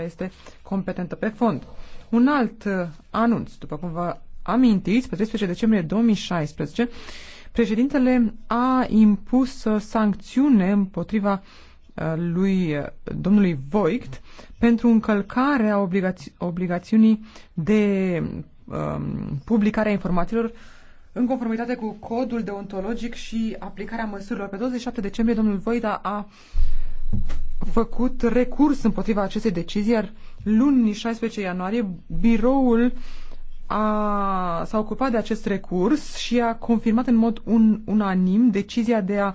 care este competentă pe fond. Un alt uh, anunț, după cum vă amintiți, pe 13 decembrie 2016, președintele a impus uh, sancțiune împotriva uh, lui domnului Voigt pentru încălcarea obligați- obligațiunii de um, publicare a informațiilor în conformitate cu codul deontologic și aplicarea măsurilor. Pe 27 decembrie, domnul a, a făcut recurs împotriva acestei decizii, iar luni 16 ianuarie biroul a, s-a ocupat de acest recurs și a confirmat în mod un, unanim decizia de a